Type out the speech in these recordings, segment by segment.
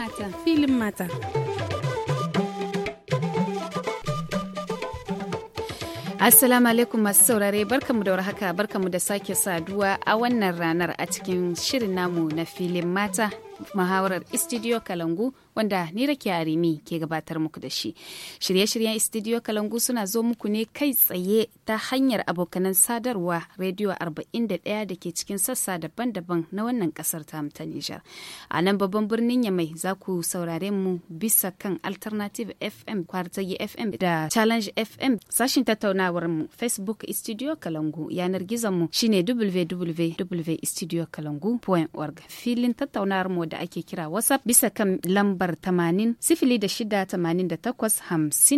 mata. Filin mata. Assalamu alaikum masu saurare barkamu da warhaka barkamu da sake saduwa a wannan ranar a cikin shirin namu na filin mata muhawarar Studio Kalangu wanda ni Rakiya Arimi ke gabatar muku da shi. Shirye-shiryen Studio Kalangu suna zo muku ne kai tsaye ta hanyar abokanan sadarwa Radio 41 da ke cikin sassa daban-daban na wannan kasar ta ta Nijar. A nan babban birnin Yamai za ku saurare mu bisa kan Alternative FM, Kwartagi FM da Challenge FM sashin tattaunawar mu Facebook Studio Kalangu yanar gizon mu shine www.studiokalangu.org filin tattaunawar mu da ake kira WhatsApp bisa kan lambar 80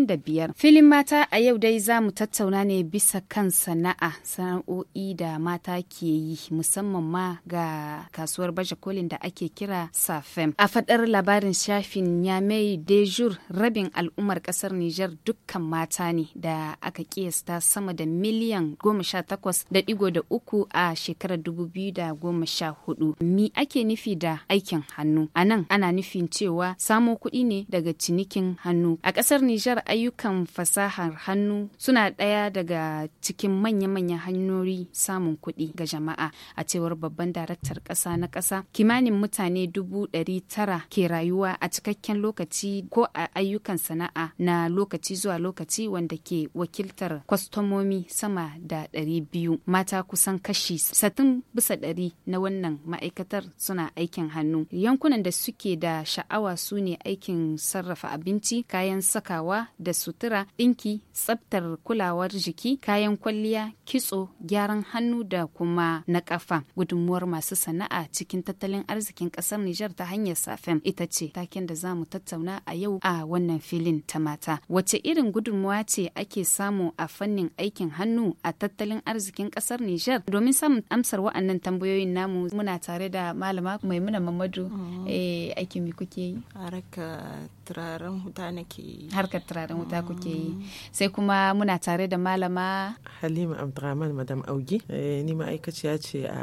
da biyar. Filin mata a yau dai za mu tattauna ne bisa kan sana'a sana'o'i da mata ke yi musamman ma ga kasuwar baje kolin da ake kira Safem. A faɗar labarin shafin Yamei Dejur rabin al'ummar ƙasar Nijar dukkan mata ne da aka kiyasta sama da miliyan goma sha uku a shekarar dubu biyu Mi ake nufi da aikin hannu. A nan ana nufin cewa samo kuɗi ne daga cinikin hannu. A ƙasar Nijar ayyukan fasahar hannu suna ɗaya daga cikin manya-manyan hanyoyi samun kuɗi ga jama'a a cewar babban daraktar ƙasa na ƙasa kimanin mutane dubu ɗari tara ke rayuwa a cikakken lokaci ko a ayyukan sana'a na lokaci zuwa lokaci wanda ke wakiltar kwastomomi sama da ɗari biyu mata kusan kashi satin bisa ɗari na wannan ma'aikatar suna aikin hannu yankunan da suke da sha'awa su ne aikin sarrafa abinci kayan sakawa da sutura ɗinki tsabtar kulawar jiki kayan kwalliya kitso gyaran hannu da kuma na ƙafa gudunmuwar masu sana'a cikin tattalin arzikin ƙasar nijar ta hanyar safen ita ce taken da za mu tattauna a yau a wannan filin ta mata wace irin gudunmuwa ce ake samu a fannin aikin hannu a tattalin arzikin ƙasar nijar domin samun amsar wa'annan tambayoyin namu muna tare da malama maimuna mamadu gado oh. eh aikin mi kuke yi harka turaren wuta nake yi turaren wuta oh. kuke yi sai kuma muna tare da malama halima abdurrahman madam augi eh, ni ma'aikaciya ce a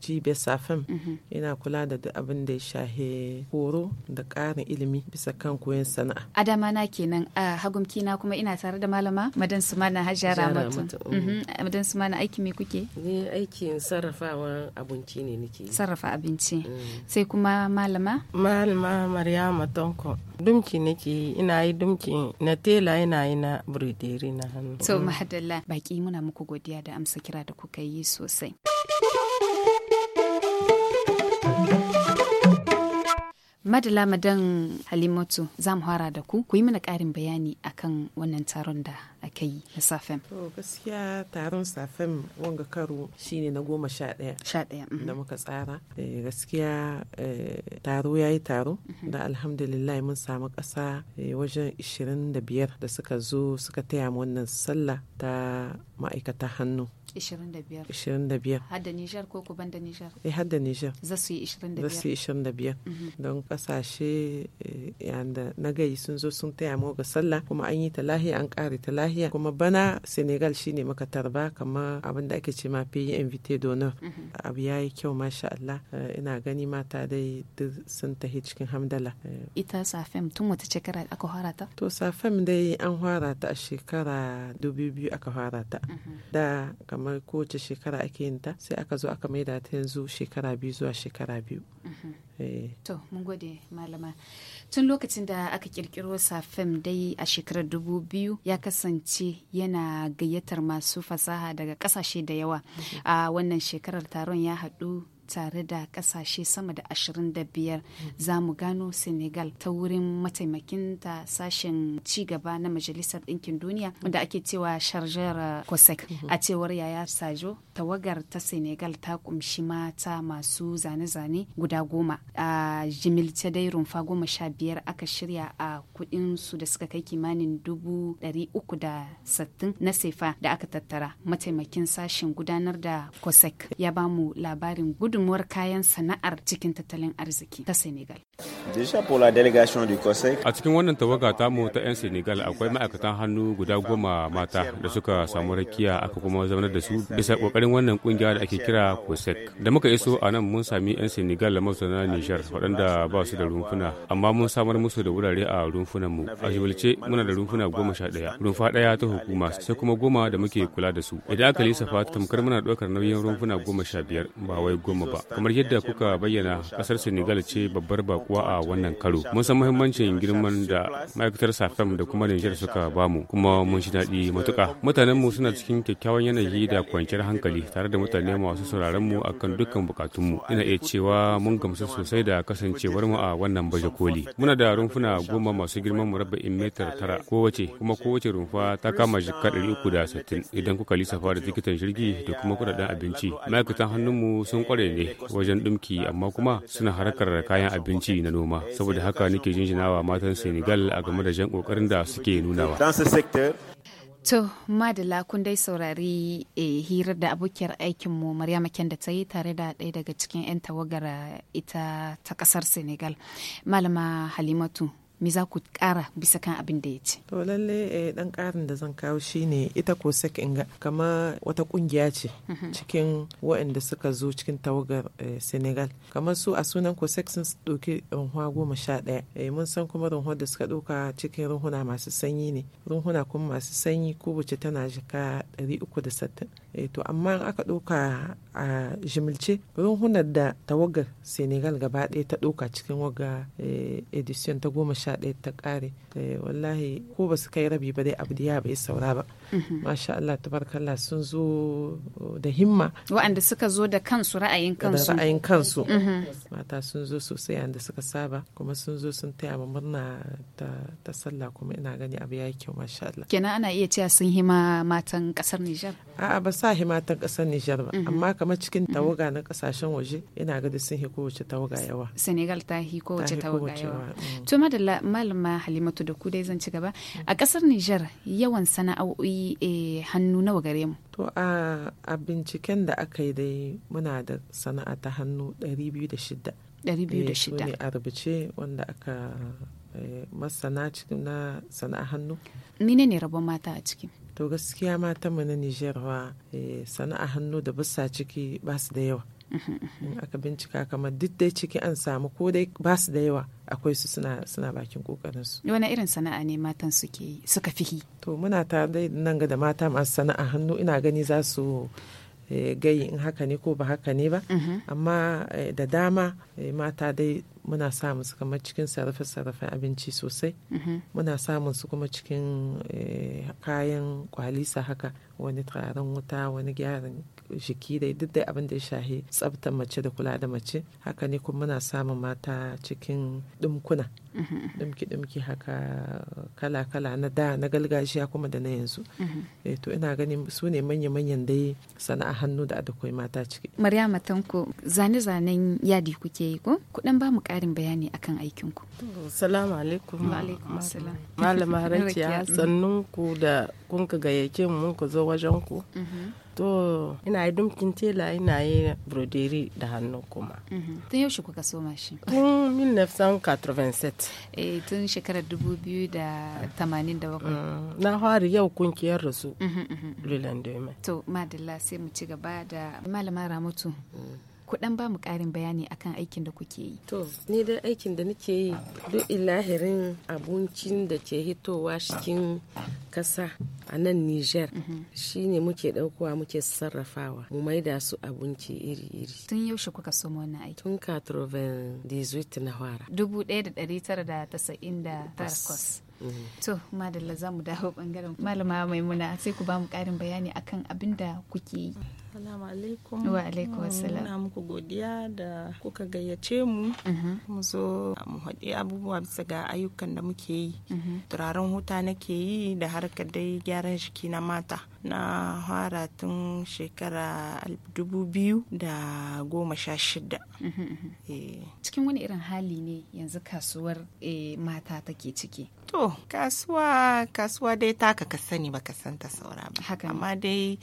cibiyar safam mhm. ina kula da duk abin da ya shahe horo da ƙarin ilimi bisa kan koyon sana'a adama na kenan a hagumki na kuma ina tare da malama madan sumana hajjar ramatu oh. mhm. madan sumana aiki mai kuke ni aikin sarrafawa abinci ne nake sarrafa abinci mm. sai kuma kuma malama? Malama Maryama Tonko. Dumki nake yi, ina yi dumki na tela ina yi na burideri na hannu. So, mahadalla, baki muna muku godiya da amsa kira da kuka yi sosai. madala madan halimatu za mu fara da ku ku yi mana ƙarin bayani akan wannan taron da aka yi na safen to gaskiya taron safen wanga karo shine na goma sha ɗaya sha ɗaya mhm. da muka tsara eh, gaskiya eh, taro ya yi taro mhm. da alhamdulillah mun samu ƙasa eh, wajen ishirin da biyar da suka zo suka taya wannan sallah ta ma'aikata hannu 25 25 hadda Nijar ko ku banda Nijar eh hadda Nijar za su yi 25 za su yi 25 mhm. don kasashe eh, yanda na gayi sun zo sun taya mu ga sallah kuma an yi ta lahiya an kare ta lahiya kuma bana Senegal shine maka tarba kamar abin da ake ce ma mhm. yi invite donor abu yayi kyau masha Allah eh, ina gani mata dai duk sun tahi cikin hamdala eh, ita safem tun wata shekara aka fara ta to safem dai an fara ta a shekara 2000 aka fara ta mhm. da kamar kowace shekara ake yin ta sai aka zo aka maida ta yanzu shekara biyu zuwa shekara biyu mm-hmm. eh. to mun gode malama tun lokacin da aka kirkiro safem dai a shekarar dubu biyu ya kasance yana gayyatar masu fasaha daga kasashe da yawa mm-hmm. a wannan shekarar taron ya haɗu tare da kasashe sama da 25 za mu gano senegal ta wurin mataimakinta sashen gaba na majalisar ɗinkin duniya wanda ake cewa sharjar kosek a cewar yaya sajo tawagar ta senegal ta kumshi mata masu zane-zane guda goma a jimilce dai rumfa goma sha biyar aka shirya a kudin su da suka kai kimanin dubu ɗari uku da sattin na sefa da aka tattara mataimakin sashen gudanar da kosek ya bamu labarin gudun gudunmuwar kayan sana'ar cikin tattalin arziki ta Senegal. A cikin wannan tawaga ta mu ta 'yan Senegal akwai ma'aikatan hannu guda goma mata da suka samu rakiya aka kuma zaunar da su bisa kokarin wannan kungiya da ake kira COSEC. Da muka iso a nan mun sami 'yan Senegal da mazauna Nijar waɗanda ba su da rumfuna amma mun samar musu da wurare a rumfunan mu. A jibilce muna da rumfuna goma sha ɗaya. Rumfa ɗaya ta hukuma sai kuma goma da muke kula da su. Idan aka lissafa tamkar muna ɗaukar nauyin rumfuna goma sha biyar ba wai goma ba kamar yadda kuka bayyana kasar senegal ce babbar bakuwa a wannan karo mun san muhimmancin girman da ma'aikatar safam da kuma nijar suka bamu kuma mun shi daɗi matuka mutanen mu suna cikin kyakkyawan yanayi da kwanciyar hankali tare da mutane masu sauraron mu akan dukkan bukatun mu ina iya cewa mun gamsu sosai da kasancewar mu a wannan baje koli muna da rumfuna goma masu girman in metar tara kowace kuma kowace rumfa ta kama jikka ɗari uku da sittin idan kuka lissafa da tikitan jirgi da kuma kuɗaɗen abinci ma'aikatan hannunmu sun kware ne wajen dumki amma kuma suna harkar kayan abinci na noma saboda haka nake jinjinawa matan Senegal a game da jan kokarin da suke nunawa. To, Madala kun dai saurari e, hirar da abokiyar aikinmu Maryama da ta yi tare da ɗaya daga cikin 'yan tawagar eh, ita ta ƙasar Senegal, Malama Halimatu. me za ku kara bisa kan abin da ya ce to lalle dan eh, karin da zan kawo shine ita ko sek inga kama wata kungiya ce mhm. cikin waɗanda suka zo cikin tawagar eh, senegal kamar su a sunan ko sek sun ɗauki runhuwa goma sha ɗaya eh, mun san kuma runhuwar da suka ɗauka cikin runhuna masu sanyi ne runhuna kuma masu sanyi kowace tana jika ɗari uku da sattin Eh, to amma in aka ɗauka a jimilce runhunar da tawagar senegal gaba ɗaya ta ɗauka cikin waga eh, edition ta goma sha ɗaya ta ƙare eh, wallahi ko ba su kai rabi ba dai abu da ya bai saura ba Mhm. masha Allah tabarkallah sun zo uh, da himma waɗanda suka zo da kansu ra'ayin kansu da ra'ayin kansu mhm. mata sun zo sosai da suka saba kuma sun zo sun taya mu murna ta sallah kuma ina gani abu yayi kyau masha Allah kenan ana iya cewa sun hima matan kasar Nijar a'a ba sa hima matan kasar Nijar ba mhm. amma kamar cikin tawaga na kasashen waje ina gani sun hi kowace tawaga yawa Senegal ta hi kowace tawaga yawa mm. to madalla malama Halimatu da ku dai zan ci gaba a kasar Nijar yawan sana'o'i e, hannu nawa gare mu to a a binciken da aka yi dai muna da sana'a ta hannu 206 206 eh, ne a rubuce wanda aka eh, masana cikin na sana'a hannu mine ne rabon mata a ciki to gaskiya mata mu na nijar sana'a hannu da basa ciki ba su da yawa in aka bincika kamar duk dai ciki an samu ko dai ba su da yawa akwai su suna bakin kokarin su wani irin sana'a ne matan suke suka fihi to muna ta dai nan ga da mata masu sana'a hannu ina gani za su eh, gayi in haka ne ko ba haka ne ba mm-hmm. amma eh, da dama eh, mata dai muna samun su kamar cikin sarrafa sarrafen abinci sosai mm-hmm. muna samun su kuma cikin kayan kwalisa haka wani turaren wuta wani gyaran jiki dai duk dai abin da ya shahi tsabtar mace da kula da mace haka ne kuma muna samun mata cikin dumkuna dumki mm-hmm. dumki haka kala-kala na da na galgajiya kuma da na yanzu mm-hmm. eh to ina ganin su ne manya-manyan dai sana'a hannu da da adakwai mata ciki maryama tanko zane-zanen yadi kuke yi ko kuɗan ba mu ƙarin bayani akan aikinku Assalamu alaikum malama rakiya sannun ku da kun ka gayyace mu mun ku zo wajen ku mm-hmm. to ina yi dumkin tela ina yi broderi da hannu kuma mhm. tun yaushe kuka soma shi tun 1987 eh tun shekarar 2087 mm, na fari yau kunkiyar rasu mhm, mhm, lulandome to madalla sai mu ci gaba da malama ramatu mm. ku dan ba mu ƙarin bayani akan aikin da kuke yi. To, ni da aikin da nake yi duk ilahirin abincin da ke hitowa cikin kasa a nan Niger mhm. shi ne muke daukowa muke sarrafawa mu maida su abinci iri-iri. Tun yaushe kuka so na aiki? Tun 98 na fara. 1999. Mhm. To, Madalla za mu dawo bangaren Malama Maimuna sai ku ba mu ƙarin bayani akan abin da kuke yi. Salamu alaikum. Wa alaikum assalam. Muna muku godiya da kuka gayyace mu. Mhm. Mu zo mu haɗi abubuwa bisa ga ayyukan da muke yi. Mhm. Turaren huta nake yi da harkar dai gyaran jiki na mata. na fara tun shekara dubu goma sha shida eh. cikin wani irin hali ne yanzu kasuwar eh, mata take ciki to kasuwa kasuwa dai taka ka sani ba baka santa saura ba amma dai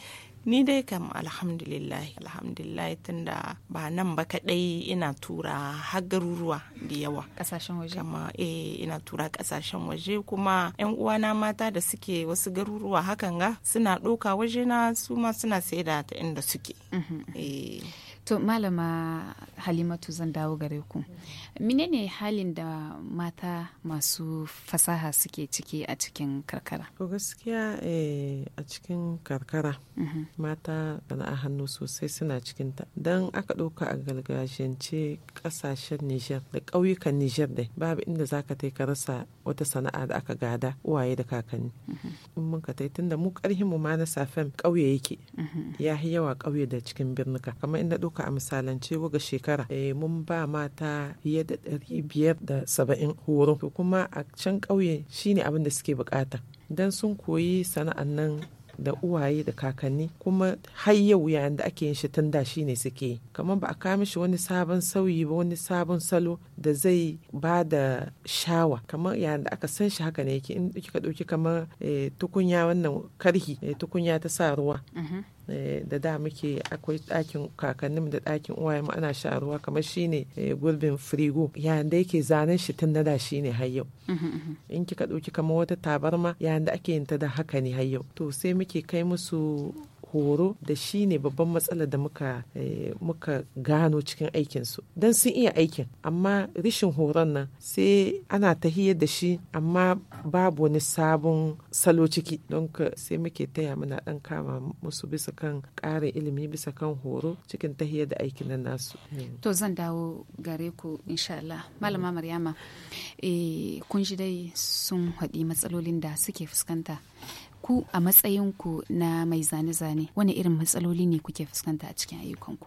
ni dai kam alhamdulillah alhamdulillah tunda ba nan ba kadai ina tura har garuruwa da yawa kasashen waje kama eh ina tura kasashen waje kuma yan uwana mata da suke wasu garuruwa hakan ga suna ɗauka wajena su ma suna saida ta inda suke. Mhm. Eh. to malama halimatu zan dawo gare ku menene halin da mata masu fasaha suke ciki a cikin karkara to gaskiya eh, a cikin karkara mm-hmm. mata a hannu sosai suna cikin ta dan aka ɗauka a gargajiyance ƙasashen nijar da ƙauyukan nijar dai babu inda zaka ka ka rasa wata sana'a da aka gada uwaye da kakanni mm-hmm. in mun ka tai tunda mu ƙarhin mu ma na safen ƙauye yake mm-hmm. ya yawa ƙauye da cikin birnuka kamar inda ɗauka ɗauka a misalance waga shekara eh, mun ba mata fiye da ɗari biyar da saba'in horo to kuma a can ƙauye shine abin da suke bukata dan sun koyi sana'an nan da uwaye da kakanni kuma har yau yayin da ake yin shi tun da shi ne suke kamar ba a kawo mishi wani sabon sauyi ba wani sabon salo da zai ba da shawa kamar yayin da aka san shi haka ne yake in kika ɗauki kamar eh, tukunya wannan karhi eh, tukunya ta sa ruwa mm-hmm. Eh, da da muke akwai ɗakin kakannin da ɗakin uwaye mu ana sha ruwa kamar shine eh, gurbin firigo ya da yake zanen shi tun da shine har yau in kika ɗauki kamar wata tabarma yayin da ake yin ta da haka ne har yau to sai muke kai musu horo da shi ne babban matsalar da muka eh, muka gano cikin aikinsu don sun iya aikin amma rishin horon nan sai ana tahiyar da shi amma babu wani sabon salo ciki don sai muke taya muna dan kama musu bisa kan ƙarin ilimi bisa kan horo cikin tahiyar da aikin nan nasu hmm. to zan dawo gare ku insha Allah malama Maryama eh, kun ji dai sun haɗi matsalolin da suke fuskanta ku a matsayinku na mai zane-zane wani irin matsaloli ne kuke fuskanta a cikin ayyukanku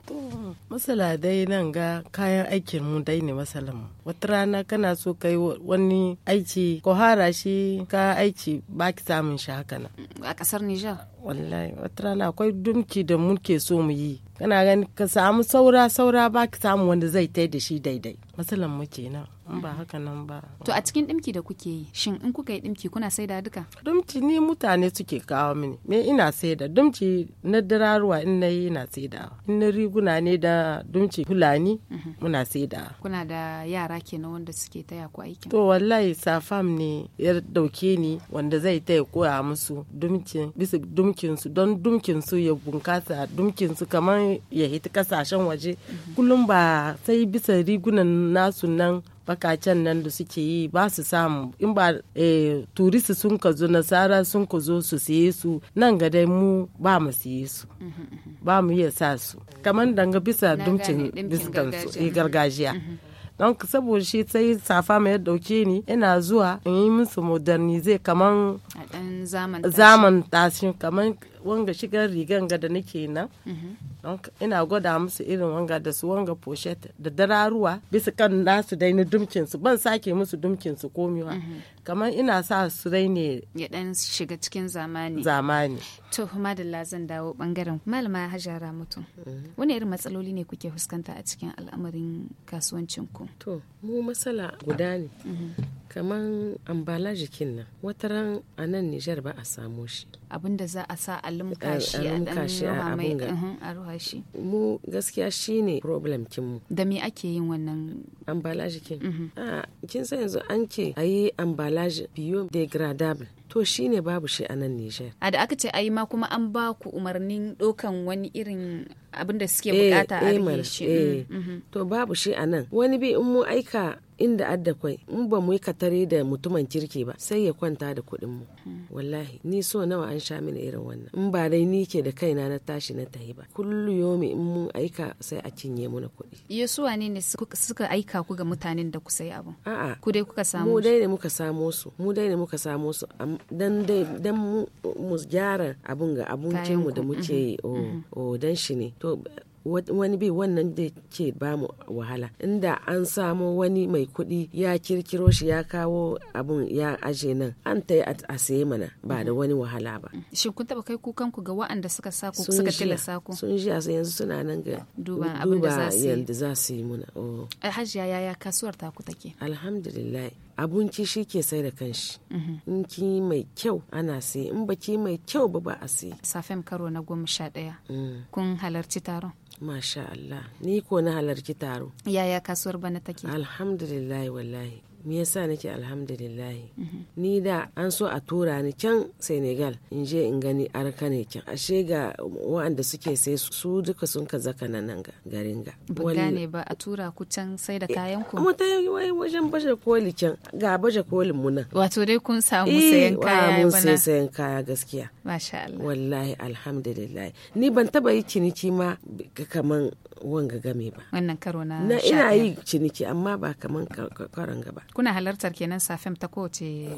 matsala dai nan ga kayan aikin mu dai ne matsalan mu wata rana kana so kai wani aiki ko hara shi ka aiki ba ki samun shi haka nan mm, a kasar Nijar wallahi wata rana akwai dumki da muke so mu yi kana gani ka samu saura saura ba ki samu wanda zai tai da shi daidai matsalan mu kenan in ba haka nan ba to a cikin dimki da kuke yi shin in kuka yi dimki kuna saida duka dimki ni mutane suke kawo mini me ina saida dimki na dararuwa in na yi ina saida in na riguna ne da dimki fulani mhm. muna saida kuna da yara kenan wanda suke taya ku aikin to wallahi safam ne ya dauke ni wanda zai taya koya musu dumkin bisa dimkin su don dimkin su ya bunkasa dumkinsu su kamar ya hita kasashen waje mhm. kullum ba sai bisa rigunan nasu nan bakacen nan da suke yi ba su samu in ba eh, turisti sun ka zo nasara sun ka zo su siye su nan ga dai mu ba mu siye su ba mu iya sa su kamar danga bisa dumcin biskansu eh, gargajiya mhm. don saboda shi sai safa mai dauke ni ina zuwa in yi musu modernize kaman zaman tashin kamar wanga shigar rigan ga da nake nan ina gwada musu irin wanga da su wanga pochette da dararuwa bisa kan nasu dai na dumkin su ban sake musu dumkin su komiwa kamar ina sa su dai ne ya dan shiga cikin zamani zamani to madalla zan dawo bangaren malama hajara mutum wani irin matsaloli ne kuke fuskanta a cikin al'amarin kasuwancin ku to mu matsala guda ne kaman ambala jikin nan ran a nan nijar ba a samu shi abinda za a sa a shi a dan a ruwa shi mu gaskiya shine problem kin mu da me ake yin wannan ambala jikin a kin san yanzu an ce ayi ambalaje bio-degradable. to shine babu shi a nan Nijar. A da aka ce ayi ma kuma an ba ku umarnin dokan wani irin abinda suke bukata a eh, eh rike shi. Mm, eh. To babu shi a nan. Wani bi in mu aika inda adda kwai in ba mu yi katare da mutumin kirki ba sai ya kwanta da kuɗin mu wallahi ni so nawa an sha mini irin wannan in ba dai ni ke da kaina na tashi na tahi ba kullu yomi in mun aika sai a cinye mu na kuɗi yesuwa ne ne suka aika ku ga mutanen da ku sai abu a'a ku dai kuka samu mu dai ne muka samo su mu dai ne muka samo su dan dai dan mu gyara abun ga abincin mu da muke mm-hmm. o oh, mm-hmm. oh, dan shi ne to wani bi wannan da ke bamu wahala inda an samo wani mai kuɗi ya kirkiro shi ya kawo abun ya aje nan an ta yi a saye mana ba da wani wahala ba shin kun taba kai kukan ku ga wa'anda suka sa ku suka tilasta ku sun ji yanzu suna nan ga duba abin da za su yi muna oh. eh, hajiya yaya kasuwar ta ku take alhamdulillah abinci shi ke sai da kanshi mhm. in ki mai kyau ana sai in baki mai kyau ba ba a sai safem karo na goma sha daya. Mm. kun halarci taron Masha Allah, ni ko na halarci taro. Yaya kasuwar bana take? Alhamdulillah wallahi. me yasa nake alhamdulillahi mhm. ni da an so a tura ni can senegal in je in gani arka ne can ashe ga waɗanda suke sai su duka sun ka zaka nan ga garin ga ne ba a tura ku can sai da eh, kayan ku amma ta wajen baje koli can ga baje kolin mu nan wato dai kun samu eh, sayan kaya bana mun sayan kaya gaskiya masha Allah wallahi alhamdulillah ni ban taba yi kiniki ma kaman wanga game ba wannan karo na na ina yi ciniki amma ba kaman karon gaba kuna halartar kenan safen ta kowace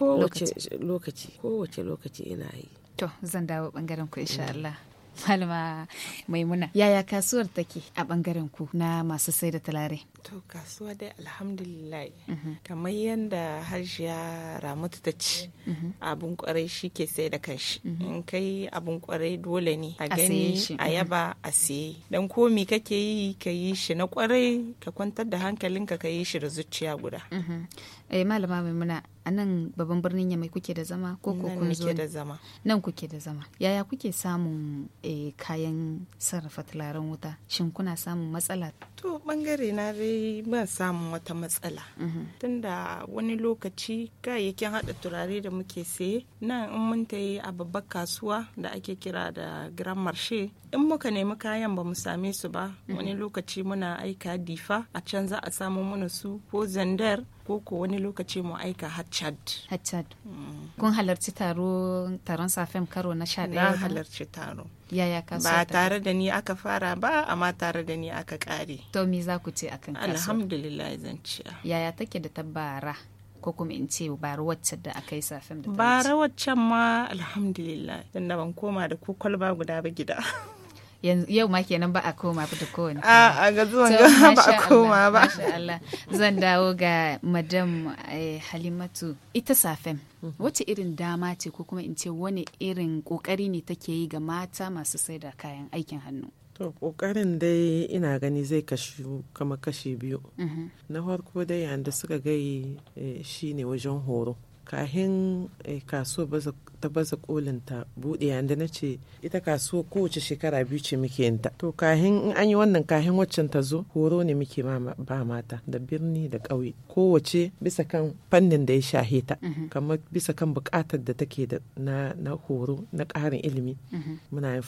lokaci kowace lokaci ina yi to zan dawo bangaren ku insha Allah Malama Maimuna, yaya kasuwar take a bangaren ku na masu sai da talare? To kasuwa dai alhamdulillah mhm. kamar yadda ya ramu ta ci mhm. abun kwarai shi ke sai da kanshi. Mhm. In kai abun kwarai dole ne a gani a yaba a siye. Dan komi kake yi ka yi shi na kwarai ka kwantar da hankalinka ka yi shi da zuciya guda. Eh, Malama Maimuna, a nan babban birnin yamai kuke da zama ko ko kun zo da zama nan kuke da zama yaya kuke samun e, kayan sarrafa turaren wuta shin kuna samun matsala to bangare na dai ban samun wata matsala mhm. tunda wani lokaci kayayyakin hada turare da muke saye nan in mun tayi a babbar kasuwa da ake kira da grand marché in muka nemi kayan ba mu same su ba mhm. wani lokaci muna aika difa a can za a samu mana su ko zandar ko ko wani lokaci mu aika har chad mm. kun halarci taro taron safen karo na sha na halarci taro yaya ka ba tare da ni aka fara ba amma tare da ni aka kare to me za ku ce akan kaso alhamdulillah zan ci yaya take da tabbara ko kuma in ce bara wacce da aka yi safen da bara waccan ma alhamdulillah dan ban koma da ku kwalba guda ba gida yau ma kenan ba a koma fito kowane a a ga zuwan ga ba a koma ba Allah zan dawo ga madam eh, Halimatu ita safen mhm. wace irin dama ce ko kuma in ce wani irin kokari ne take yi ga mata masu saida kayan aikin hannu to kokarin dai ina gani zai kashi kama kashi biyu mhm. na farko dai yanda suka gai eh, shine wajen horo kahin eh, kasuwa ta baza kolin ta bude yanda na ce ita kasuwa kowace shekara biyu ce muke yin ta to kahin in an yi wannan kahin waccan ta zo horo ne muke ba mata da birni da ƙauye kowace bisa kan fannin da ya shahe ta mhm. kamar bisa kan buƙatar da take da na horo na ƙarin ilimi mhm. muna yin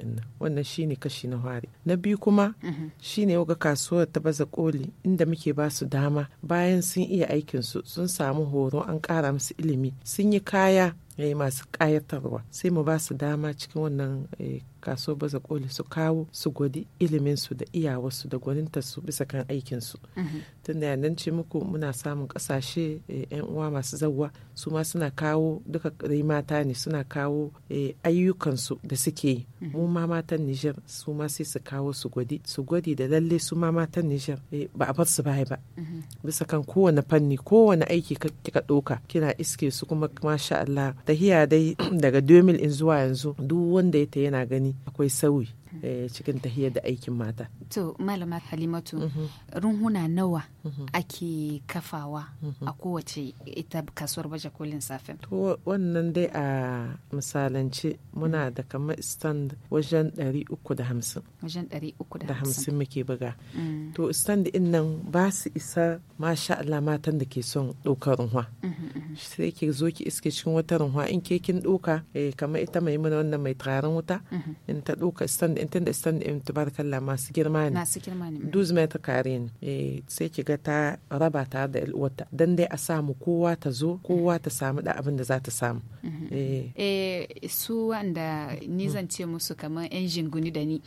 in nan wannan shine kashi na fari na biyu kuma mhm. shine ga kasuwar ta baza koli inda muke ba su dama bayan sun iya aikin su sun samu horo an ƙara musu ilimi sun yi kaya masu ƙayatarwa sai mu ba su dama cikin wannan eh, kaso baza koli su kawo su gwadi iliminsu da iyawarsu da gwanintarsu bisa kan aikinsu mhm. tunda yanan ce muku muna samun kasashe yan eh, uwa masu zawa su ma suna kawo duka rai mata ne suna kawo eh, ayyukansu da suke yi mhm. mu ma matan nijar su ma sai su kawo su gwadi su gwadi da lalle su ma matan nijar eh, ba a bar su baya ba mhm. bisa kan kowane fanni kowane aiki kika ɗauka kina iske su kuma masha Allah tahiya dai daga 2000 in zuwa yanzu duk wanda ya ta yana gani ni akwai sauyi Eh, cikin tahiya da aikin mata. To malama Halimatu mhm. runhuna nawa mhm. ake kafawa mhm. a kowace ita kasuwar baje kolin safin. To wannan dai a misalance muna da kamar stand wajen 350. Wajen 350 muke buga. Mm. To stand din nan ba su isa masha Allah matan da ke son ɗaukar runwa. Sai ke zo ki iske cikin wata runwa in ke kin ɗauka eh, kamar ita mai mana wannan mai taron wuta in ta ɗauka stand tun da stand ɗin tubarkalla masu girma ne masu girma ne duz mai kare ne eh sai ki ga ta raba ta da uwarta dan dai a samu kowa ta zo kowa ta samu da abin da za ta samu eh su wanda ni zan ce musu kamar yan jinguni da ni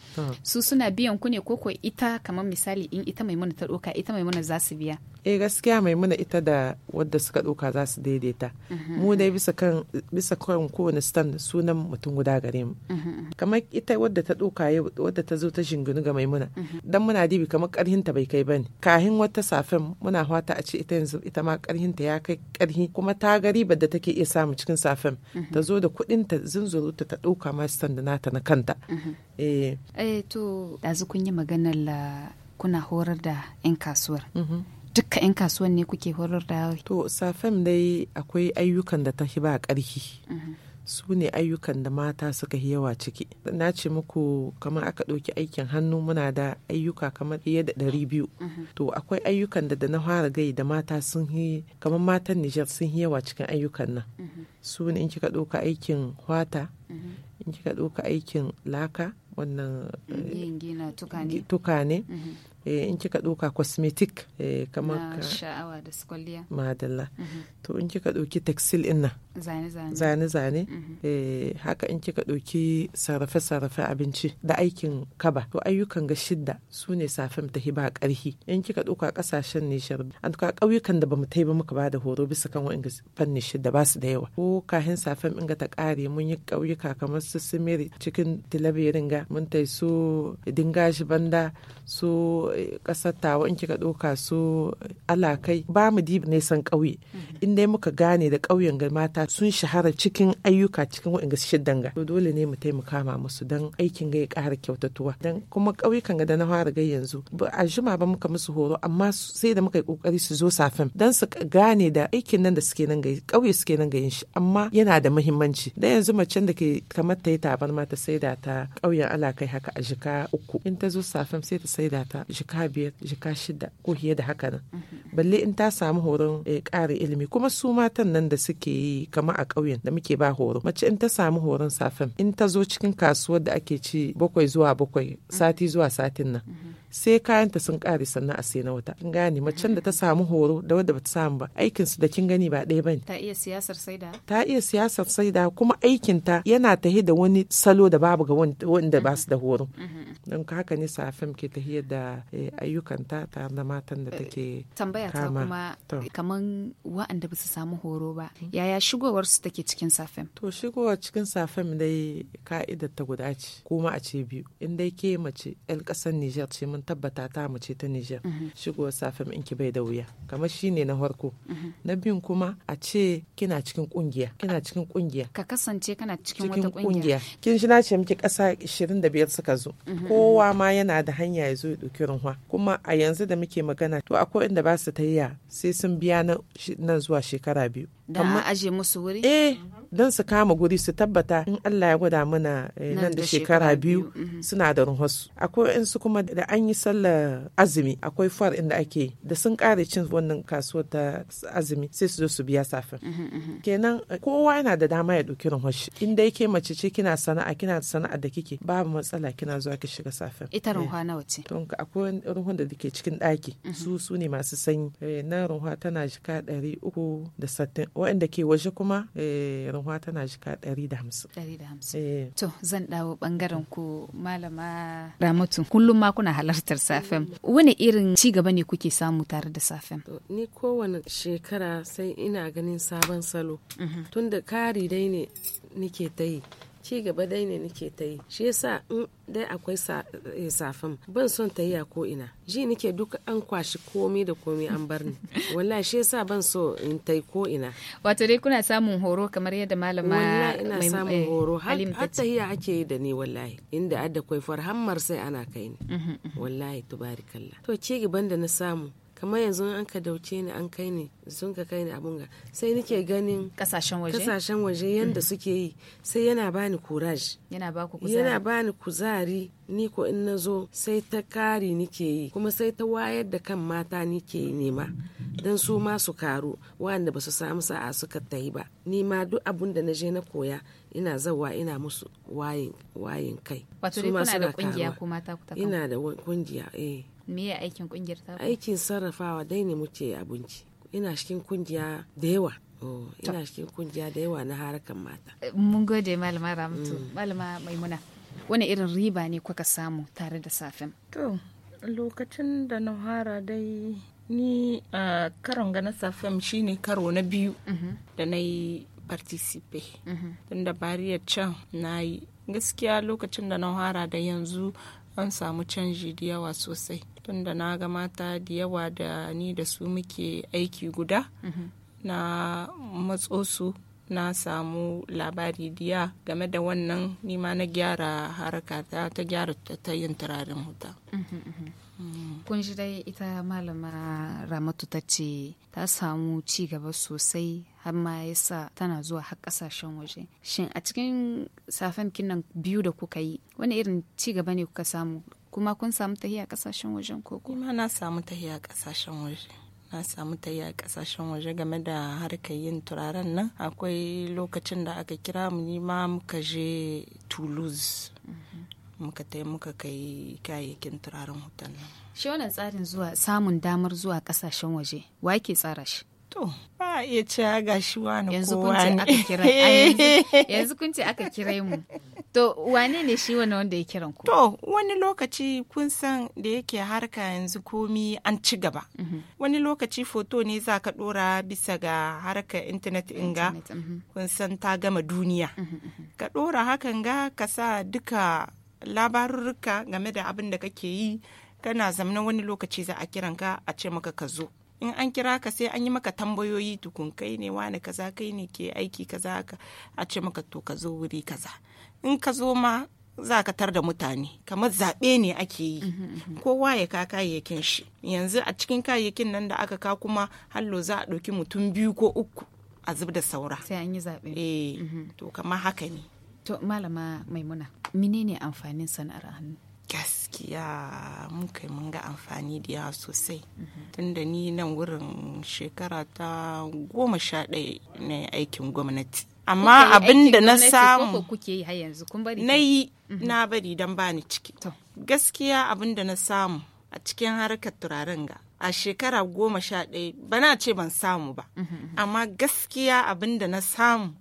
su suna biyan ku ne ko ko ita kamar misali in ita maimuna ta ɗauka ita mai mana za su biya eh gaskiya mana ita da wadda suka ɗauka za su daidaita mm-hmm. mu dai bisa kan bisa kan kowane stand sunan mutum guda gare mu mm-hmm. kamar ita wadda ta ɗauka waye wadda ta zo ta jinginu ga maimuna mhm. dan muna dibi kamar karhin bai kai bane kahin wata safen muna fata a ce ita yanzu ita ma karhin ya kai karhi kuma ta gari da take iya samu cikin safen mhm. ta zo da kuɗin ta zunzuru ta ta dauka ma stand nata na kanta mhm. eh. eh to dazu kun yi maganar kuna horar da 'yan kasuwar dukka 'yan kasuwan ne kuke horar da to safen dai akwai ayyukan da ta ba karhi su ne ayyukan da mata suka yi yawa ciki na ce muku kamar aka ɗauki aikin hannu muna da ayyuka kamar fiye da ɗari biyu mhm. to akwai ayyukan da da na fara gai da mata sun yi kamar matan nijar sun yi yawa cikin ayyukan nan mhm. su ne in kika ɗauka aikin hwata mhm. in kika ɗauka aikin laka wannan eh, tukane eh, in kika ɗauka cosmetic eh, kamar ka sha'awa da kwalliya madalla to in kika ɗauki textile ɗin nan zane-zane mhm. eh, haka in kika ɗauki sarrafe-sarrafe abinci da aikin kaba to ayyukan ga shidda su ne safin ta hiba ƙarhi in kika ɗauka ƙasashen nishar an ka ƙauyukan da bamu taiba muka ba da horo bisa kan wa'in fanni shidda ba su da yawa ko kahin safin in ta kare mun yi ƙauyuka kamar su simiri cikin tilabirin ga mun tai su dingashi banda su eh, ƙasar tawa in kika ɗauka su alakai ba mu dibi san ƙauye mhm. in dai muka gane da ƙauyen ga mata sun shahara cikin ayyuka cikin waɗanda su danga dole ne mu taimaka ma musu don aikin ga ya ƙara kyautatuwa dan kuma ƙauyukan ga da na fara gai yanzu ba a jima ba muka musu horo amma sai da muka yi kokari su zo safin dan su gane da aikin nan da suke nan gai ƙauye suke nan yin shi amma yana da muhimmanci da yanzu macen da ke kamar ta yi ma ta saida ta ƙauyen alakai haka a jika uku in ta zo safin sai ta saida ta jika biyar jika shida ko fiye da haka nan mhm. balle in ta samu horon eh, ƙara ilimi kuma su matan nan da suke yi kama a ƙauyen da muke ba horo mace in ta samu horon safen in ta zo cikin kasuwar da ake ci bakwai zuwa bakwai sati zuwa satin nan mm-hmm. sai kayanta sun kare sannan a sai na wata an gane macen da ta samu horo da wadda bata samu ba aikin su da kin gani ba ɗaya bane ta iya siyasar saida ta iya siyasar saida kuma aikin ta yana tahi da wani salo da babu ga wanda ba su da horo mm-hmm. don haka ne safim ke tahi da eh, ayyukanta ta da matan da take eh, tambaya ta kuma kaman wa'anda ba su samu horo ba yaya shigowar su take cikin safim to shigowar cikin safim dai ka'idar ta guda ce kuma a ce biyu in dai ke mace 'yan ƙasar Nijar ce mun tabbata ta mu ce ta Nijar mhm. shigo safin in ki bai da wuya kamar shine na farko mhm. na biyun kuma a ce kina cikin kungiya kina cikin kungiya ka kasance kana cikin wata kungiya kin shi na ce miki kasa 25 suka zo mhm. kowa ma yana da hanya ya zo ya dauki ruwa kuma a yanzu da muke magana to akwai inda ba su tayya sai sun biya na zuwa shekara biyu don ma aje musu wuri eh don su kama guri su tabbata in Allah ya gwada mana eh, nan da shekara biyu mhm. suna da ruhunsu akwai in su kuma da an yi sallar azumi akwai far inda ake da sun kare cin wannan kasuwar ta azumi sai su zo su biya safin mhm, mhm. kenan eh, kowa yana da dama ya ɗauki ruhunshi in dai ke mace ce kina sana'a kina sana'a da kike babu matsala kina zuwa ki shiga safin ita eh. ruhwa nawa ce to akwai ruhun da ke cikin ɗaki su su ne masu sanyi na ruhwa tana jika ɗari uku da sattin waɗanda ke waje kuma eh, ruwa tana jika 150 eh. to zan dawo bangaren ku malama ramatu kullum ma kuna halartar safen wani irin ci gaba ne kuke samu tare da safen ni kowane shekara sai ina ganin sabon salo mhm. tun da kari dai ne nike ta yi ci gaba dai ne nake ta yi shi yasa in dai akwai eh, safin ban son ta yi a ko ina ji nake duk an kwashi komi da komi an bar ni wallahi shi yasa ban so in ta ko ina wato dai kuna samun horo kamar yadda malama wallahi ina samun eh, horo har ta yi ake yi da ni wallahi inda adda kwai farhammar sai ana kai ni mhm, mhm. wallahi tubarikallah to ci gaban da na samu kamar yanzu an ka dauce ni an kai ni sun ka kai ni abun ga sai nike ganin kasashen waje kasashen waje yanda mm. suke yi sai yana bani courage yana ba ku kuzari yana bani kuzari ni ko in na zo sai ta kari nike yi kuma sai ta wayar da kan mata nike yi nema dan su ma su karu wanda ba su samu sa'a suka yi ba ni ma duk abun da na je na koya ina zawa ina musu wayin wayin kai wato kuna da kungiya ko mata ku ta ina da kungiya eh me ya aikin kungiyar ta aikin sarrafawa dai ne muke abinci ina cikin kungiya da yawa oh, ina cikin kungiya da yawa na harakan mata eh, mun gode malama ramtu mm. malama maimuna wani irin riba ne kuka samu tare da safin to lokacin da na fara dai ni a karon ga na safin shine karo na biyu mm-hmm. da na yi participe mm-hmm. tunda bariyar can na yi gaskiya lokacin da na fara da yanzu an samu canji da yawa sosai tunda na ga mata da yawa da ni da su muke aiki guda mhm. na matso su na samu labari diya game da wannan nima na gyara haraka ta ta gyara ta yin turaren huta. Mhm, mhm. mm. kun ji dai ita malama ramatu ta ce ta samu ci gaba sosai har ma ya sa tana zuwa har kasashen waje shin a cikin safen kinan biyu da kuka yi wani irin ci gaba ne kuka samu kuma kun samu tahiya kasashen wajen koko ma na samu tahiya kasashen waje na samu tahiya kasashen waje game da harkar yin turaren nan akwai lokacin da aka kira mu ni ma muka je toulouse mm-hmm. muka tai muka kai kayayyakin turaren hutan nan shi wannan tsarin zuwa samun damar zuwa kasashen waje wa ke tsara shi to ba a iya cewa ga shi wani kowa ne yanzu kun ce aka kira mu To wane ne shi wani wanda ya kiran ku? To wani lokaci kun san da yake harka yanzu komi an ci gaba. Mhm. Wani lokaci foto ne za ka dora bisa ga harka intanet inga mm kun san ta gama duniya. Mhm, mhm, ka dora hakan ga ka sa duka labarurruka game da abin da kake yi kana zamna wani lokaci za a kiran ka a ce maka ka zo. in an kira ka sai an yi maka tambayoyi tukun kai ne wani kaza kai ne ke aiki kaza a ce maka to ka zo wuri kaza. in ka zo ma za ka tar da mutane kamar zaɓe ne ake yi kowa ya ka kayayyakin shi yanzu a cikin kayayyakin nan da aka ka kuma hallo za a ɗauki mutum biyu ko uku a zub da saura sai an yi zaɓe eh mhm. to kamar haka ne to malama maimuna menene amfanin sana'ar hannu gaskiya mun kai mun ga amfani da yawa sosai tunda ni nan wurin shekara ta goma sha ɗaya na aikin gwamnati amma abin da na samu na yi mhm. na bari don bani ciki gaskiya abin da na samu a cikin harkar turaren ga a shekara goma sha ɗaya bana ce ban samu ba mhm, mhm. amma gaskiya abin da na samu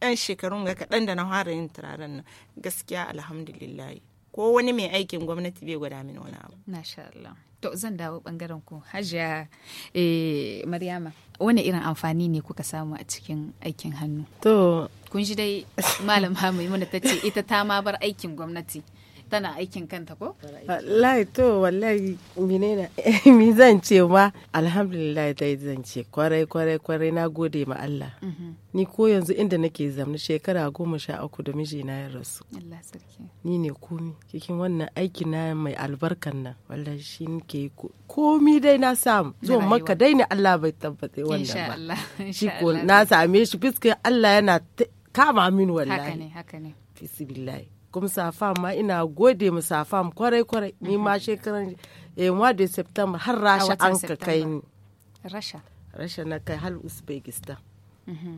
'yan shekarun ga kaɗan da na fara yin turaren nan gaskiya alhamdulillah ko wani mai aikin gwamnati bai gwada mini wani abu Allah to zan dawo bangaren ku hajiya eh, maryama wani irin amfani ne kuka samu a cikin aikin hannu to kun shi dai malam hamu mana ta ce ita ta ma bar aikin gwamnati tana aikin kanta ko? Wallahi to wallahi menene mi zan ce ma alhamdulillah dai zan ce kwarai kwarai kwarai na gode ma Allah. Mhm. Ni ko yanzu inda nake zamni shekara goma sha uku da mijina ya rasu. Allah sarki. Ni ne komi cikin wannan aiki na mai albarkan nan wallahi shi nake yi komi dai na samu zo maka dai ne Allah bai tabbata wannan ba. Shi ko na same shi fiskin Allah yana kama min wallahi. Haka ne haka ne. Bismillah. ku musafam ma ina gode musafam kwarai kwarai ni ma mhm. shekaran yanwa eh, da september har rasha an ka kai ni rasha rasha na kai har uzbekistan mhm.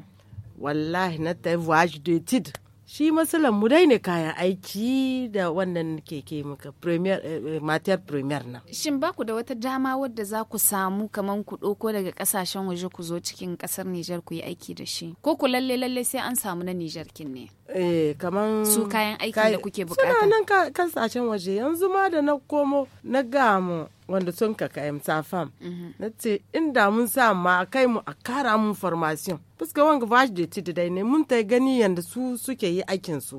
wallahi na ta voyage de titre shi matsalan mu daina kayan aiki da wannan keke muka premier eh, eh, matar premier na shin ba ku da wata dama wadda za ku samu kamar ku ɗauko daga kasashen waje ku zo cikin kasar Nijar ku yi aiki da shi ko ku lalle lalle sai an samu na Nijar kin ne eh kaman su kayan aiki da kuke bukata suna nan kasashen waje yanzu ma da na komo na gamu wanda sun ka kayamta fam mhm. na ce inda mun sa ma a kai mu a kara mun formation fuska wanga ba shi da titi da ne mun ta gani yanda su suke yi aikin su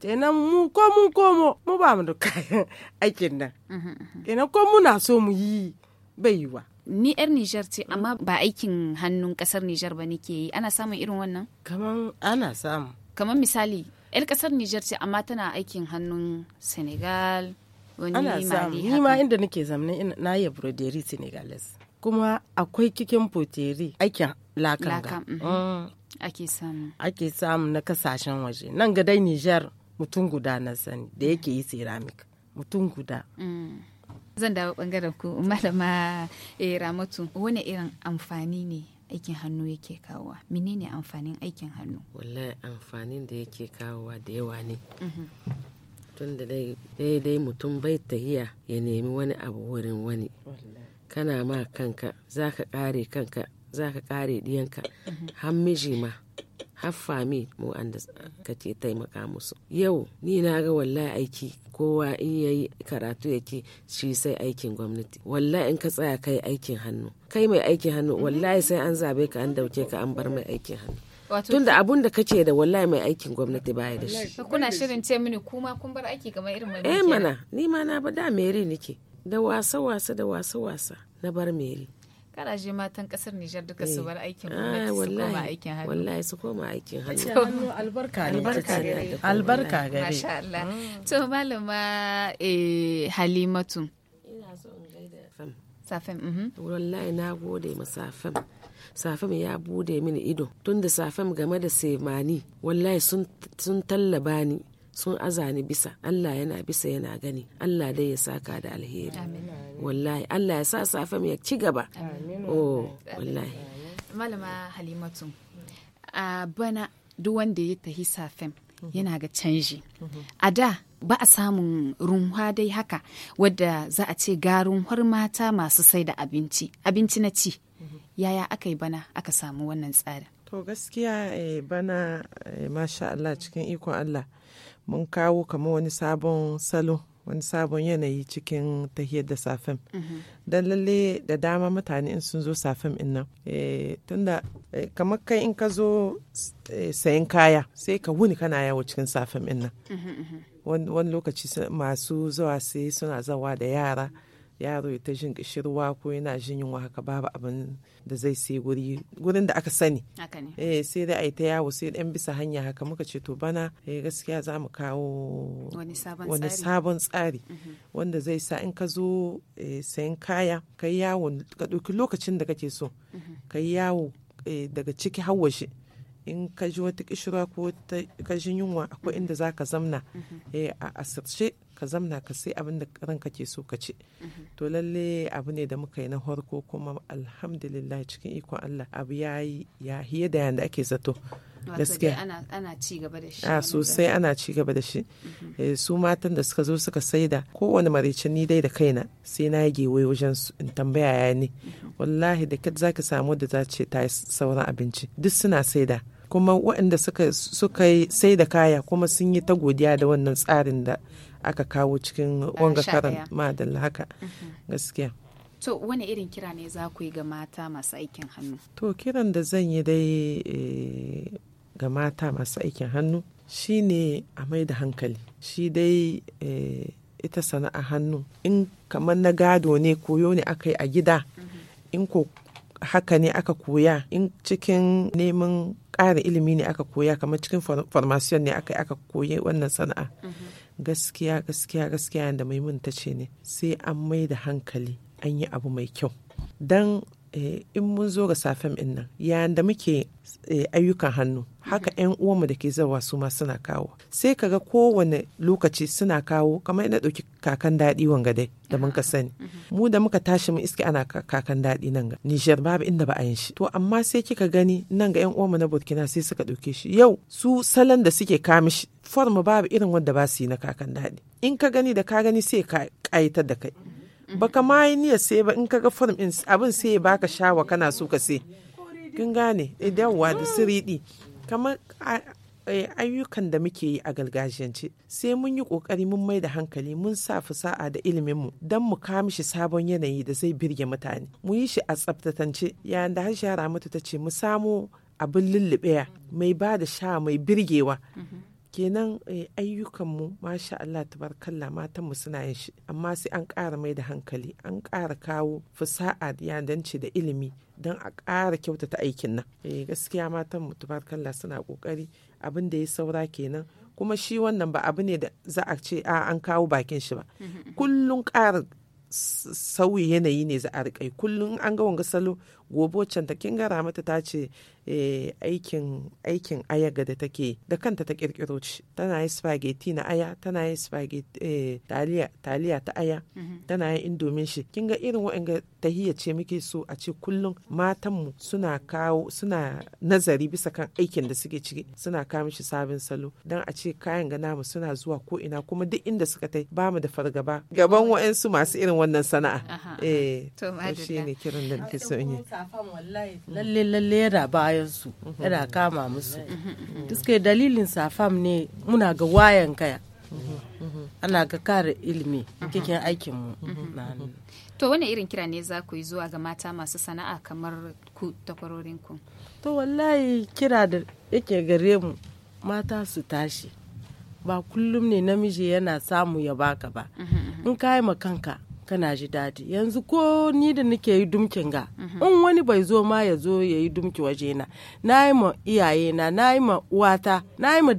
kenan mhm. mu ko mun komo mu ba mu da kayan aikin nan kenan mhm, ko muna so mu yi bai wa. ni yar Nijar ce amma ba aikin hannun kasar Nijar ba nake yi ana samun irin wannan kaman ana samu kaman misali yar kasar Nijar ce amma tana aikin hannun Senegal wani ana samu ni ma inda nake zamanin na yi broderi senegalese kuma akwai cikin poteri aikin lakan ga mhm. mm. ake samu ake samu na kasashen waje nan ga dai Nijar mutum guda na sani da yake yi ceramic mutum guda mm. zan dawo bangaren ku malama eh, ramatu wani irin amfani ne aikin hannu yake kawowa menene amfanin aikin hannu wallahi amfanin da yake kawowa da yawa ne mhm. tunda daidai mutum bai tahiya ya nemi wani abu wurin wani kana ma kanka za ka kare kanka za ka kare diyanka har miji ma har fami mu an da ce taimaka musu yau ni na ga wallahi aiki kowa in ya yi karatu ya yake shi sai aikin gwamnati wallahi in ka tsaya kai aikin hannu kai mai aikin hannu wallahi sai an zabe ka an dauke ka an bar mai aikin hannu tunda abun da kace da wallahi mai aikin gwamnati baya da shi kuna shirin ce mini kuma kun bar aiki kamar irin mai eh mana ni ma na bada meri nake da wasa wasa da wasa wasa na bar meri kana je matan kasar Nijar duka su eh. bar aikin ah, gwamnati su koma aikin hannu wallahi su koma aikin hannu albarka ne albarka gare masha Allah mm. to malama eh Halimatu ina so in gaida Safem mhm. wallahi na gode ma safam ya bude mini ido tun da safam game da semani wallahi sun tallaba ni sun azani bisa Allah yana bisa yana gani Allah dai ya saka da alheri wallahi Allah ya sa safam ya ci gaba oh wallahi malama halimatu a bana duk wanda ya tahi safam yana ga canji a da ba a samun runwa dai haka wadda za a ce ga mata masu sai da abinci abinci na ci yaya aka yi bana aka samu wannan tsarin to gaskiya eh, bana eh, masha Allah cikin ikon Allah mun kawo kama wani sabon salo wani sabon yanayi cikin tahiyar da safin mhm. don lalle da dama mutane in sun zo safin in eh, tunda kamar kai in ka zo sayan kaya sai ka wuni kana yawo cikin safin in mhm, mhm. wani lokaci masu zuwa sai suna zawa da yara yaro ya ta jin kishirwa ko yana jin yunwa haka babu abin da zai sai guri gurin da aka sani eh sai dai ta yawo sai dan bisa hanya haka muka ce to bana eh gaskiya za mu kawo wani sabon tsari mhm. wanda zai sa in ka zo eh, sayan kaya ka yi yawo ka ɗauki lokacin da kake so mhm. ka yawo eh, daga ciki hawashi in ka ji wata kishirwa ko ka jin yunwa akwai mhm. inda za ka zamna eh, a asirce ka zamna ka sai abin da ranka ke so ka ci mhm. to lalle abu ne da muka yi na harko kuma alhamdulillah cikin ikon Allah abu ya yi ya hiye da yanda ake zato gaskiya ana ci gaba da shi a sosai ana ci gaba da shi mhm. eh, su matan da suka zo suka saida kowane marici ni dai da kaina sai na yage wai wajen in tambaya ya ne mhm. wallahi da kat zaki samu da za ce ta sauran abinci duk suna saida kuma waɗanda suka suka sai da kaya kuma sun yi ta godiya da wannan tsarin da aka kawo cikin wanga karan madalla haka mhm. gaskiya to wani irin kira ne za ku yi ga mata masu aikin hannu to kiran da zan yi dai eh, ga mata masu aikin hannu shine a mai da hankali shi dai eh, ita sana'a hannu in kamar na gado ne koyo ne aka yi a gida mhm. in ko haka ne aka koya in cikin neman ƙara ilimi ne aka koya kamar cikin farmasiyon ne aka yi aka koya wannan sana'a mhm. gaskiya gaskiya gaskiya da maimunta ce ne sai an mai da hankali an yi abu mai kyau don Eh, in mun zo ga safen ɗin nan yayin da muke eh, ayyukan hannu haka 'yan mhm. uwanmu da ke zawa su ma suna kawo sai kaga kowane lokaci suna kawo kamar ina ɗauki kakan daɗi wanga dai da mun ka ah, sani mhm. mu da muka tashi mu iske ana kakan daɗi nan ga Nijar babu inda ba a yin shi to amma sai kika gani nan ga 'yan uwanmu na Burkina sai suka ɗauke shi yau su salon da suke kamishi form babu irin wanda ba su yi na kakan daɗi in ka gani da ka gani sai ka ƙayatar da kai mhm. baka ma yi niyyar sai ba in kaga form din abin sai ya baka shawa kana so ka sai kin gane eh, wa da siridi kamar ayyukan da muke yi a gargajiyance sai mun yi kokari mun mai da hankali mun sa fasa'a da ilimin mu don mu kamishi mishi sabon yanayi da zai birge mutane mu yi shi a tsaftatance yayin da har shahara mutu ta ce mu samo abin lullubeya mai ba da sha mai birgewa kenan eh, ayyukanmu masha Allah tabarkalla matanmu suna yin shi amma sai an ƙara mai da hankali an ƙara kawo fasa'a ya dance da ilimi don a ƙara kyautata aikin nan eh, gaskiya matanmu tabarkalla suna ƙoƙari abin da ya saura kenan kuma shi wannan ba abu ne da za a ce a an kawo bakin shi ba kullum ƙara sauyi yanayi ne za a riƙa kullum an ga wanga salo gobe wacan ta kin gara mata ta ce eh, aikin aikin ayaga da take da kanta ta kirkiro ci tana yi spaghetti na aya tana yi spaghetti eh, taliya ta aya mm-hmm. tana yi indomin shi kin ga irin waɗanda tahiyya ce muke so a ce kullum matanmu suna kawo suna nazari bisa kan aikin da suke ciki suna kawo mishi sabin salo dan a ce kayan ga namu suna zuwa ko ina kuma duk inda suka tai ba mu da fargaba gaban waɗansu masu irin wannan sana'a eh to shine kiran da nake so Mm. lalle lalle yana bayan su mm-hmm. yana kama musu mm-hmm. Mm-hmm. suke dalilin safam ne muna ga wayan kaya ana ga kare ilimi kikin aikin mu to wani irin kira ne za ku yi zuwa ga mata masu sana'a kamar ku takwarorin ku to wallahi kira da yake gare mu mata su tashi ba kullum ne namiji yana samu ya baka ba in kayi ma kanka kana ji daɗi yanzu ko ni da nake yi dumkin ga in wani bai zo ma ya zo ya yi dumki waje na na yi ma iyayena na yi ma uwata na yi ma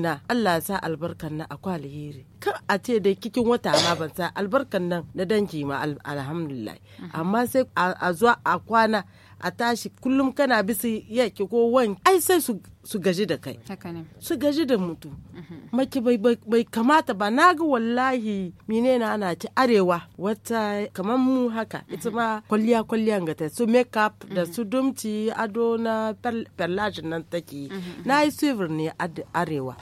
na Allah sa albarkan na akwai alheri kan a ce dai kikin wata ma ban sa albarkan nan na dangi ma alhamdulillah amma sai a zuwa a kwana a tashi kullum kana bisa yaki ko wani ai sai su gaji da kai su gaji da mutu mhm. maki bai kamata ba na ga wallahi mine na ana ci arewa wata kamar mu haka mhm. ita ma kwalliya kwalliya ga ta su makeup da mhm. su dumci ado na perlage nan take na yi ne arewa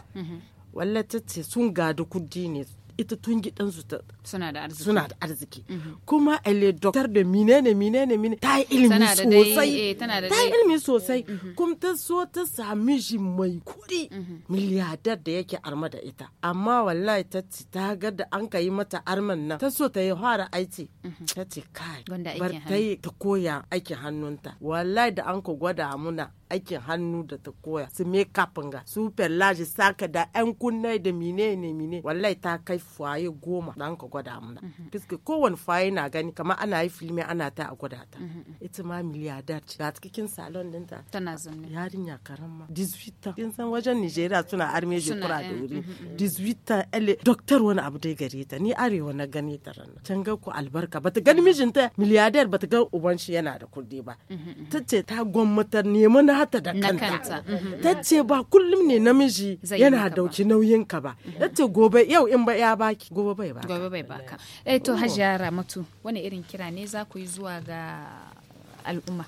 wallata ce sun gadi kudi ne ita tun gidansu suna da arziki suna da arziki mhm. kuma ele doctor da minene minene mine ta ilimi sosai ta ilimi sosai kuma ta so ta sami shi mai kuɗi mhm. miliyadar da yake arma da ita amma wallahi ta ci ta ga da an ka yi mata arman nan ta so ta yi fara aiki mhm. ta ce kai bar ta ta koya aikin hannunta wallahi da an ka gwada muna aikin hannu da ta koya su kafin ga su fellaji saka da yan kunne da mine ne mine wallahi ta kai faye goma da ka gwada mana mhm. fiske kowane faye na gani kama ana yi filmi ana ta a gwada ta mhm, mhm. ita ma miliyadar ce ga cikin salon dinta tana zanne yarinya karama dizwita kin san wajen Nigeria suna arme jikura da eh, wuri dizwita ele doktor wani abu dai gare ta ni arewa na gani ta ranar can ga ku albarka bata gani mijinta miliyadar bata ga uban shi yana da kudi ba ce ta gwammatar neman nata da kanta mhm. ta ce ba kullum ne namiji yana dauki nauyin ka ba mhm. ta ce gobe yau in ba ya baki gobe bai baka gobe bai baka eh to oh. hajiya ramatu wani irin kira ne za ku yi zuwa ga al'umma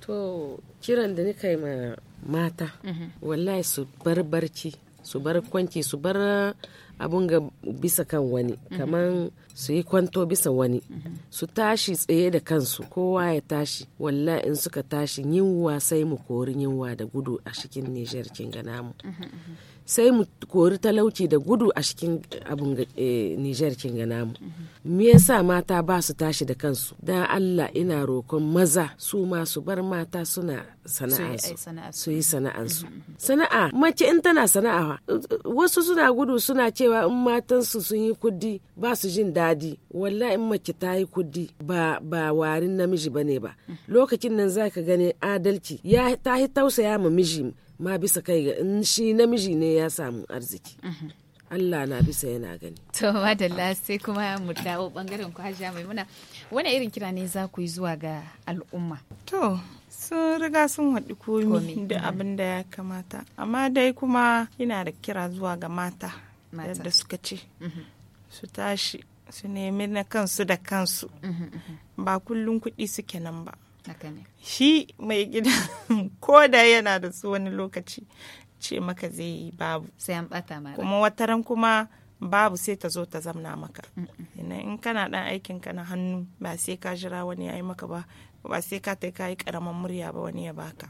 to kiran da nika yi ma mata mhm. wallahi su barbarci su bar kwanci su bar abun ga bisa kan wani mhm. kamar su yi kwanto bisa wani mhm. su tashi tsaye da kansu kowa ya tashi walla in suka tashi yinwa sai mu kori yinwa da gudu a cikin nijar kin namu. Mhm, sai mu kori talauci da gudu a cikin abin eh, Nijar kin gana mu. Mhm. Me yasa mata ba su tashi da kansu? Dan Allah ina rokon maza su ma su bar mata suna sana'ansu. Su yi eh, sana'ansu. Mhm, mhm. Sana'a mace in tana sana'a wasu suna gudu suna cewa in matansu sun yi kuddi ba su jin daɗi. walla in mace ta yi kuddi ba ba warin namiji bane ba. Lokacin nan ka gani adalci ya ta tausaya ma miji ma bisa kai ga in shi namiji ne ya samu arziki mhm. Allah na bisa yana gani. To madalla sai kuma mu dawo bangaren kwaja mai muna wani irin kira ne za ku yi zuwa ga al'umma? To sun riga sun haɗi komi da mhm. abin da ya kamata amma dai kuma yana da kira zuwa ga mata yadda suka ce mhm. su tashi su nemi na kansu da kansu ba kullum kuɗi suke nan ba Shi mai gida. ko da yana da su wani lokaci ce maka zai yi babu. Sai an bata mara. Kuma wataran kuma babu sai ta zo ta zamna maka. In kana dan aikin ka na hannu ba sai ka jira wani ya yi maka ba ba sai ka ta yi karaman murya ba wani ya baka.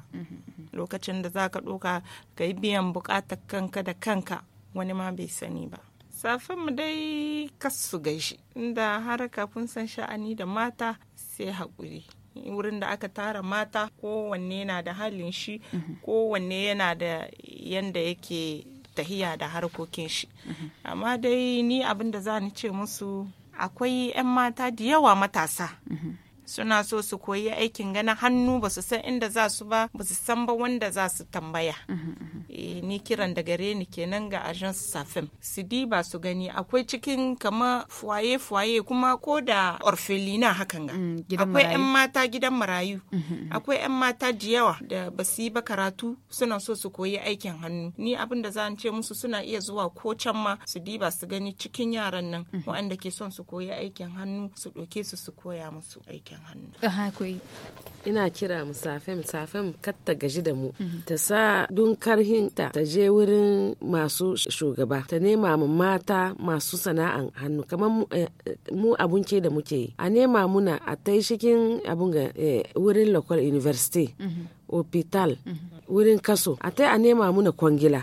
Lokacin da za ka ɗoka ka yi biyan bukatar kanka da kanka wani ma bai sani ba. safin mu dai kasu gaishe inda har kafin san sha'ani da mata sai haƙuri wurin da aka tara mata kowanne na da halin shi mhm. kowanne yana da yanda yake tahiya da harkokin shi mhm. amma dai ni abin da za ni ce musu akwai 'yan mata da yawa matasa mhm. suna so su koyi aikin gana hannu ba su san inda za su ba ba su san ba wanda za su tambaya eh, ni kiran da gare ni kenan ga agence safin su diba su gani akwai cikin kama fuwaye fuwaye kuma ko da orfelina hakan ga mm, akwai yan mata gidan marayu mm, mm, akwai yan mata da yawa da ba su yi ba karatu suna so su koyi aikin hannu ni abin da za ce musu suna iya zuwa ko can ma su diba su gani cikin yaran nan mm-hmm. waɗanda ke son su koyi aikin hannu su ɗauke su su koya musu aikin aikin hannu eh, ina kira mu musafin kar ta gaji da mu ta sa dunkar hinta ta je wurin masu shugaba ta nema mu mata masu sana'an hannu kamar mu eh, abunce da muke yi a nema muna a ta shikin abun ga eh, wurin local university mhm. hospital wurin kaso a ta a nema muna kwangila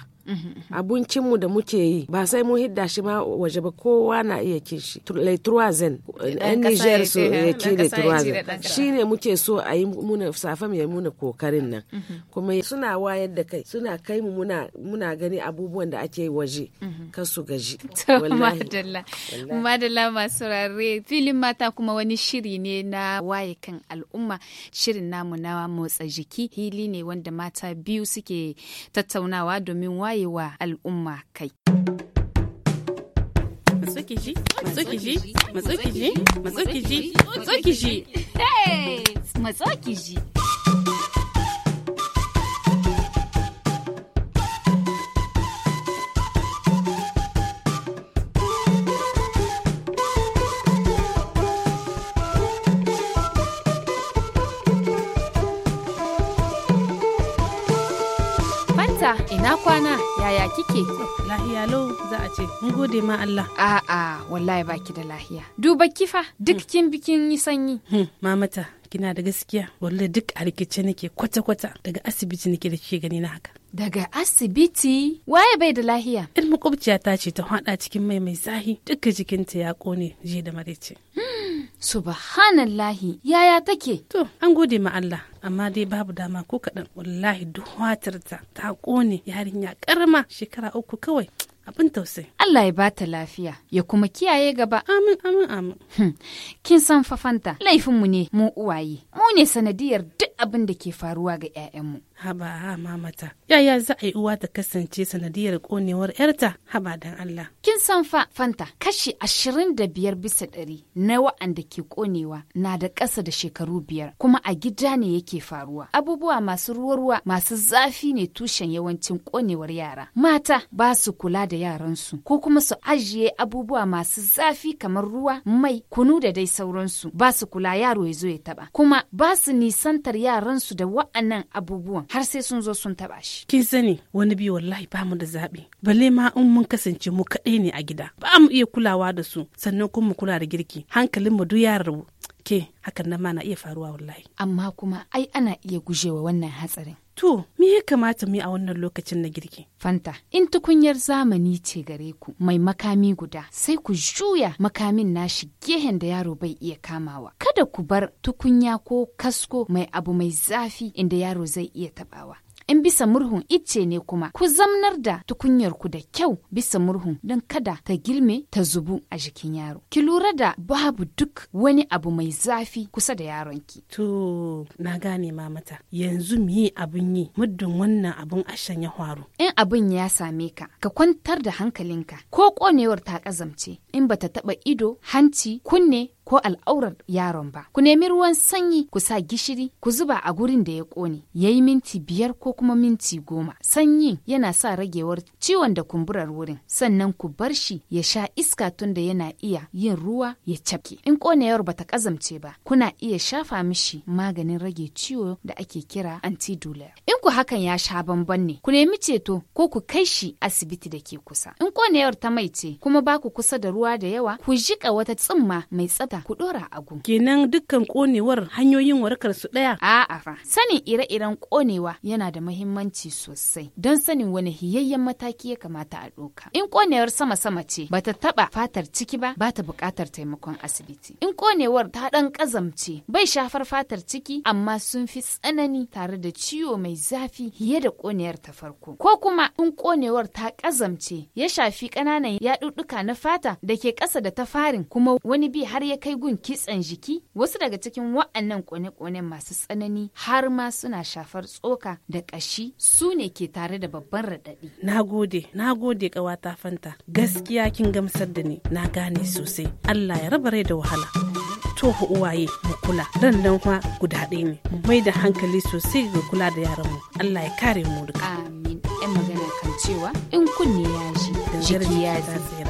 abincinmu da muke yi ba sai mu hidda shi ma waje ba kowa na iya kin shi laiturwazen yan niger su eh, ya ki shi ne muke so a yi muna safa ya muna kokarin nan kuma suna wayar da kai suna kai mu muna gani abubuwan da ake waje kan su gaji wallahi madalla masu filin mata kuma wani shiri ne na waye kan al'umma shirin namu na motsa jiki hili ne wanda mata biyu suke tattaunawa domin waye wayewa al'umma kai. Matsukiji, matsukiji, matsukiji, matsukiji, matsukiji. Matsukiji. ina kwana, yaya kike? Lahiya lau za a ce, mun gode ma Allah. A'a, wallahi baki da lahiya. Duba kifa, duk hmm. kin bikin yi sanyi. Hmm, mamata, kina da gaskiya, wallahi duk a rikice nake kwata-kwata daga asibiti nake da ke gani na haka. daga asibiti waye bai da lahiya in makwabciya ta ce ta hada cikin mai mai zahi duka jikinta ya kone jiya da maraice hmm, subhanallahi yaya take to an gode ma Allah amma dai babu dama ko kaɗan wallahi duk ta kone yarinya karama shekara uku kawai abin tausayi. Allah ya bata lafiya ya kuma kiyaye gaba. Amin amin amin. Hmm, kin san fafanta laifinmu ne mu uwaye mu ne sanadiyar duk abin da ke faruwa ga 'ya'yanmu. haba mamata yaya za a yi uwa ta kasance sanadiyar konewar yarta haba dan Allah kin san fa fanta kashi ashirin da biyar bisa ɗari na wa'anda ke konewa na da ƙasa da shekaru biyar kuma a gida ne yake faruwa abubuwa masu ruwa-ruwa masu zafi ne tushen yawancin konewar yara mata ba su kula da yaransu ko kuma su ajiye abubuwa masu zafi kamar ruwa mai kunu da dai sauransu ba su kula yaro ya zo ya taba kuma ba su nisantar yaransu da wa'annan abubuwan har sai sun zo sun taba shi kin sani wani biyu wallahi ba mu da zaɓi balle ma in mun kasance mu kaɗai ne a gida ba mu iya kulawa da su sannan kuma mu kula da girki hankalin mu duk ya rabu ke hakan nan ma na iya faruwa wallahi amma kuma ai ana iya gujewa wannan hatsarin To, me ya kamata mu yi a wannan lokacin na girki? Fanta, in tukunyar zamani ce gare ku mai makami guda, sai ku juya makamin nashi gehen da yaro bai iya kamawa. Kada ku bar tukunya ko kasko mai abu mai zafi inda yaro zai iya tabawa. in bisa murhun ice ne kuma ku zamnar da tukunyar ku da kyau bisa murhun don kada ta girme ta zubu a jikin yaro ki lura da babu duk wani abu mai zafi kusa da yaronki to na gane mamata yanzu mu yi abun yi muddin wannan abun ashan ya faru in abun ya same ka ka kwantar da hankalinka ko konewar ta kazamce in bata taba ido hanci kunne ko al'aurar yaron ba. Ku nemi ruwan sanyi ku sa gishiri ku zuba a gurin da ya ƙone ya yi minti biyar ko kuma minti goma. Sanyi yana sa ragewar ciwon da kumburar wurin sannan ku bar shi ya sha iska tun da yana iya yin ruwa ya cafke. In ƙonewar bata ƙazamce ba kuna iya shafa mishi maganin rage ciwo da ake kira antidular. In ku hakan ya sha bamban ne ku nemi ceto ko ku kai shi asibiti da ke kusa. In ƙonewar ta mai ce kuma ba ku kusa da ruwa da yawa ku jiƙa wata tsumma mai tsafta ku ɗora a gun. Kenan dukkan konewar hanyoyin warkar su ɗaya? A'a fa. Sanin ire-iren konewa yana da muhimmanci sosai don sanin wani hiyayyen mataki ya kamata a ɗoka In konewar sama-sama ce bata taɓa fatar ciki ba ba ta buƙatar taimakon asibiti. In konewar ta ɗan ƙazamce bai shafar fatar ciki amma sun fi tsanani tare da ciwo mai zafi fiye da konewar ta farko. Ko kuma in konewar ta ƙazamce ya shafi ƙananan yaɗuɗɗuka na fata da ke ƙasa da ta farin kuma wani bi har ya kai gun kitsen jiki wasu daga cikin wa'annan kone-konen masu tsanani har ma suna shafar tsoka da ƙashi su ne ke tare da babban raɗaɗi. Na gode, na gode ƙawata fanta. Gaskiya kin gamsar da ni, na gane sosai. Allah ya raba rai da wahala. toho uwaye mu kula ran nan kuma guda ɗaya ne mai da hankali sosai ga kula da yaran mu Allah ya kare mu duka amin yan magana kan cewa in kunne ya shi jiki ya zira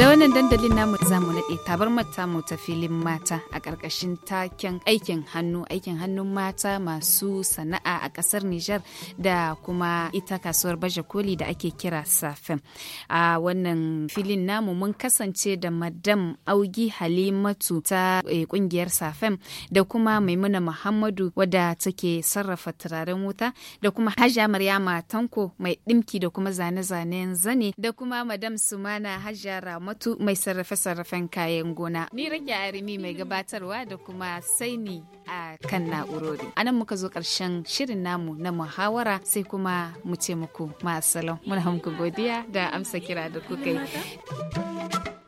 wannan dandalin namu za mu naɗe tabar mata mu ta filin mata a ƙarƙashin taken aikin hannu aikin hannun mata masu sana'a a ƙasar Nijar da kuma ita kasuwar baje koli da ake kira safin. A wannan filin namu mun kasance da madam Augi Halimatu ta ƙungiyar eh, safin da kuma Maimuna Muhammadu wadda take sarrafa turaren wuta da kuma Hajja Maryama Tanko mai ɗimki da kuma zane-zanen zane da kuma madam Sumana Hajja Ramatu Fatu mai sarrafe-sarrafen kayan gona. Ni rage arimi mai gabatarwa da kuma saini a kan na'urori. A nan muka zo ƙarshen shirin namu na muhawara sai kuma mu ce muku masu salon. Muna muku godiya da amsa kira da kuka yi.